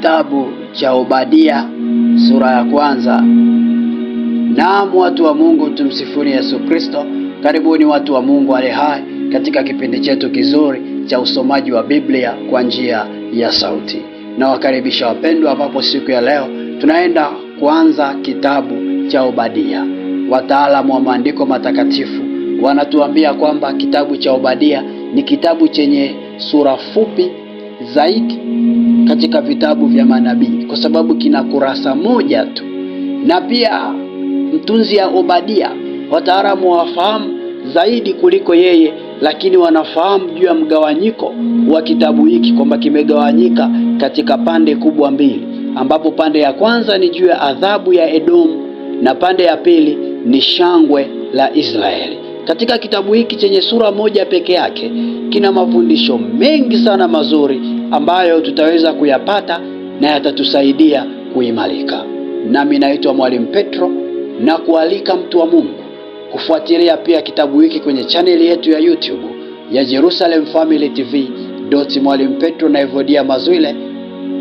kitabu cha Obadia sura ya kwanza. Naam, watu wa Mungu, tumsifuni Yesu Kristo. Karibuni watu wa Mungu ale hai katika kipindi chetu kizuri cha usomaji wa Biblia kwa njia ya sauti. Nawakaribisha wapendwa, ambapo siku ya leo tunaenda kuanza kitabu cha Obadia. Wataalamu wa maandiko matakatifu wanatuambia kwamba kitabu cha Obadia ni kitabu chenye sura fupi zaidi katika vitabu vya manabii kwa sababu kina kurasa moja tu, na pia mtunzi ya Obadia wataalamu wafahamu zaidi kuliko yeye, lakini wanafahamu juu ya mgawanyiko wa kitabu hiki kwamba kimegawanyika katika pande kubwa mbili, ambapo pande ya kwanza ni juu ya adhabu ya Edomu na pande ya pili ni shangwe la Israeli. Katika kitabu hiki chenye sura moja peke yake kina mafundisho mengi sana mazuri ambayo tutaweza kuyapata na yatatusaidia kuimarika. Nami naitwa Mwalimu Petro na kualika mtu wa Mungu kufuatilia pia kitabu hiki kwenye chaneli yetu ya YouTube ya Jerusalem Family TV doti Mwalimu Petro na Evodia Mazwile,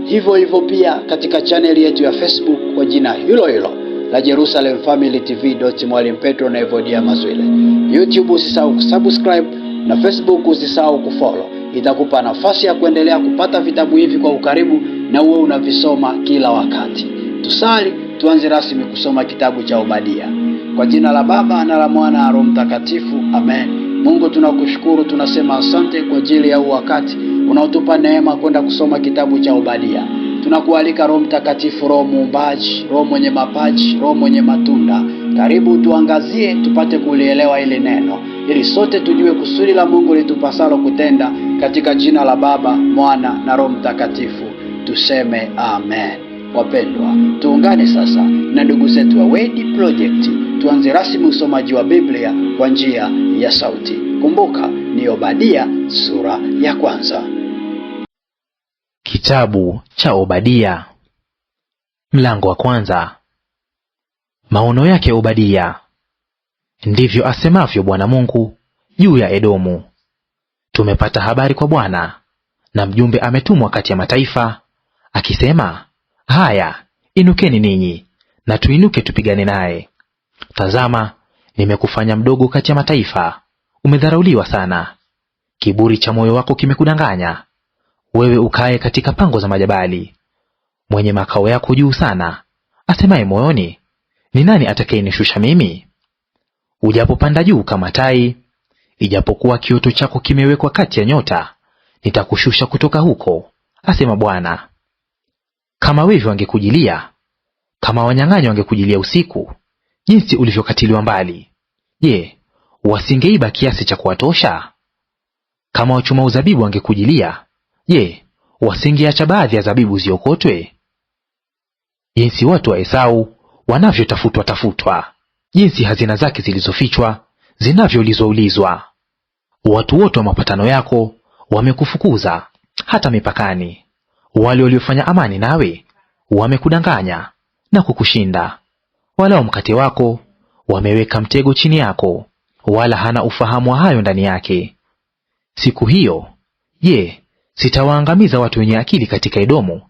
hivyo hivyo pia katika chaneli yetu ya Facebook kwa jina hilo hilo la Jerusalem Family TV doti Mwalimu Petro na Evodia Mazwile. YouTube usisahau kusubscribe na Facebook usisahau kufollow itakupa nafasi ya kuendelea kupata vitabu hivi kwa ukaribu na uwe unavisoma kila wakati. Tusali tuanze rasmi kusoma kitabu cha Obadia. Kwa jina la Baba na la Mwana na Roho Mtakatifu, amen. Mungu tunakushukuru, tunasema asante kwa ajili ya huu wakati unaotupa neema kwenda kusoma kitabu cha Obadia. Tunakualika Roho Mtakatifu, Roho muumbaji, Roho mwenye mapaji, Roho mwenye matunda, karibu tuangazie, tupate kulielewa ile neno ili sote tujue kusudi la Mungu litupasalo kutenda, katika jina la Baba, Mwana na Roho Mtakatifu tuseme amen. Wapendwa, tuungane sasa na ndugu zetu wa Word Project, tuanze rasmi usomaji wa Biblia kwa njia ya sauti. Kumbuka ni Obadia sura ya kwanza. Kitabu cha Obadia mlango wa kwanza. Maono yake Obadia. Ndivyo asemavyo Bwana Mungu juu ya Edomu. Tumepata habari kwa Bwana, na mjumbe ametumwa kati ya mataifa akisema, haya, inukeni ninyi na tuinuke tupigane naye. Tazama, nimekufanya mdogo kati ya mataifa, umedharauliwa sana. Kiburi cha moyo wako kimekudanganya wewe, ukae katika pango za majabali, mwenye makao yako juu sana, asemaye moyoni, ni nani atakayenishusha mimi? Ujapopanda juu kama tai, ijapokuwa kioto chako kimewekwa kati ya nyota, nitakushusha kutoka huko, asema Bwana. Kama wevi wangekujilia, kama wanyang'anyi wangekujilia usiku, jinsi ulivyokatiliwa mbali! Je, wasingeiba kiasi cha kuwatosha? Kama wachuma uzabibu wangekujilia, je, wasingeacha baadhi ya zabibu ziokotwe? Jinsi watu wa Esau wanavyotafutwa tafutwa! jinsi hazina zake zilizofichwa zinavyoulizwaulizwa. Watu wote wa mapatano yako wamekufukuza hata mipakani; wale waliofanya amani nawe wamekudanganya na kukushinda. Walao mkate wako wameweka mtego chini yako, wala hana ufahamu wa hayo ndani yake. Siku hiyo, je, sitawaangamiza watu wenye akili katika Edomu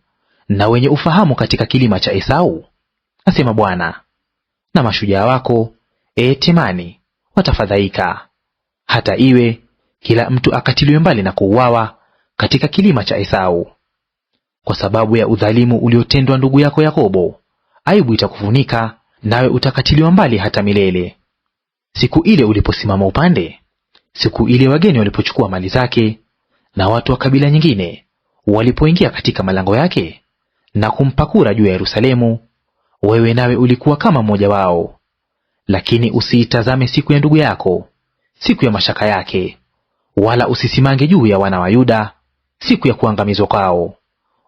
na wenye ufahamu katika kilima cha Esau? asema Bwana na mashujaa wako, ee Temani, watafadhaika. Hata iwe kila mtu akatiliwe mbali na kuuawa katika kilima cha Esau. Kwa sababu ya udhalimu uliotendwa ndugu yako Yakobo, aibu itakufunika, nawe utakatiliwa mbali hata milele. Siku ile uliposimama upande, siku ile wageni walipochukua mali zake, na watu wa kabila nyingine walipoingia katika malango yake na kumpakura juu ya Yerusalemu wewe nawe ulikuwa kama mmoja wao. Lakini usiitazame siku ya ndugu yako, siku ya mashaka yake, wala usisimange juu ya wana wa Yuda siku ya kuangamizwa kwao,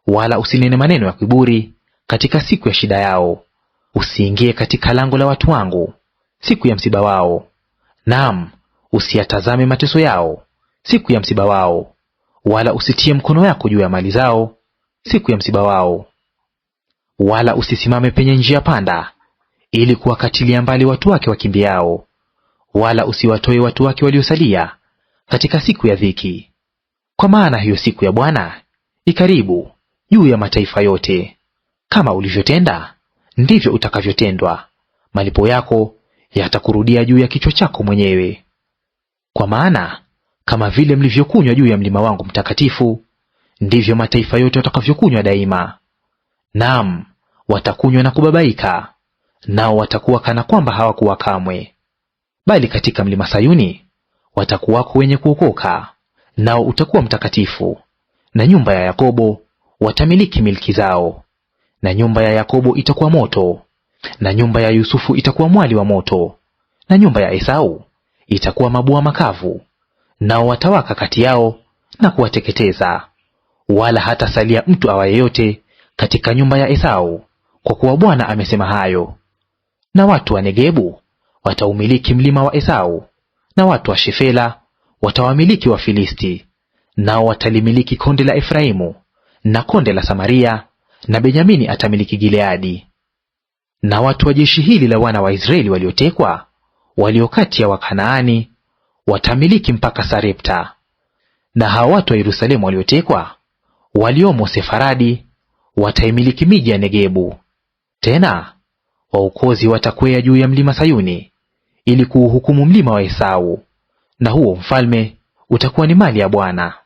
wala usinene maneno ya kiburi katika siku ya shida yao. Usiingie katika lango la watu wangu siku ya msiba wao, naam, usiyatazame mateso yao siku ya msiba wao, wala usitie mkono yako juu ya mali zao siku ya msiba wao wala usisimame penye njia panda, ili kuwakatilia mbali watu wake wakimbiao, wala usiwatoe watu wake waliosalia katika siku ya dhiki. Kwa maana hiyo siku ya Bwana ikaribu juu ya mataifa yote; kama ulivyotenda ndivyo utakavyotendwa, malipo yako yatakurudia juu ya kichwa chako mwenyewe. Kwa maana kama vile mlivyokunywa juu ya mlima wangu mtakatifu, ndivyo mataifa yote watakavyokunywa daima. Naam, watakunywa na kubabaika, nao watakuwa kana kwamba hawakuwa kamwe. Bali katika mlima Sayuni watakuwako wenye kuokoka, nao utakuwa mtakatifu, na nyumba ya Yakobo watamiliki milki zao. Na nyumba ya Yakobo itakuwa moto, na nyumba ya Yusufu itakuwa mwali wa moto, na nyumba ya Esau itakuwa mabua makavu, nao watawaka kati yao na kuwateketeza, wala hatasalia mtu awa yeyote katika nyumba ya Esau, kwa kuwa Bwana amesema hayo. Na watu wa Negebu wataumiliki mlima wa Esau, na watu wa Shefela watawamiliki wa filisti nao watalimiliki konde la Efraimu na konde la Samaria, na Benyamini atamiliki Gileadi. Na watu wa jeshi hili la wana wa Israeli waliotekwa walio kati ya Wakanaani watamiliki mpaka Sarepta. Na hawa watu wa Yerusalemu waliotekwa waliomo Sefaradi wataimiliki miji ya Negebu. Tena waokozi watakwea juu ya mlima Sayuni ili kuuhukumu mlima wa Esau, na huo mfalme utakuwa ni mali ya Bwana.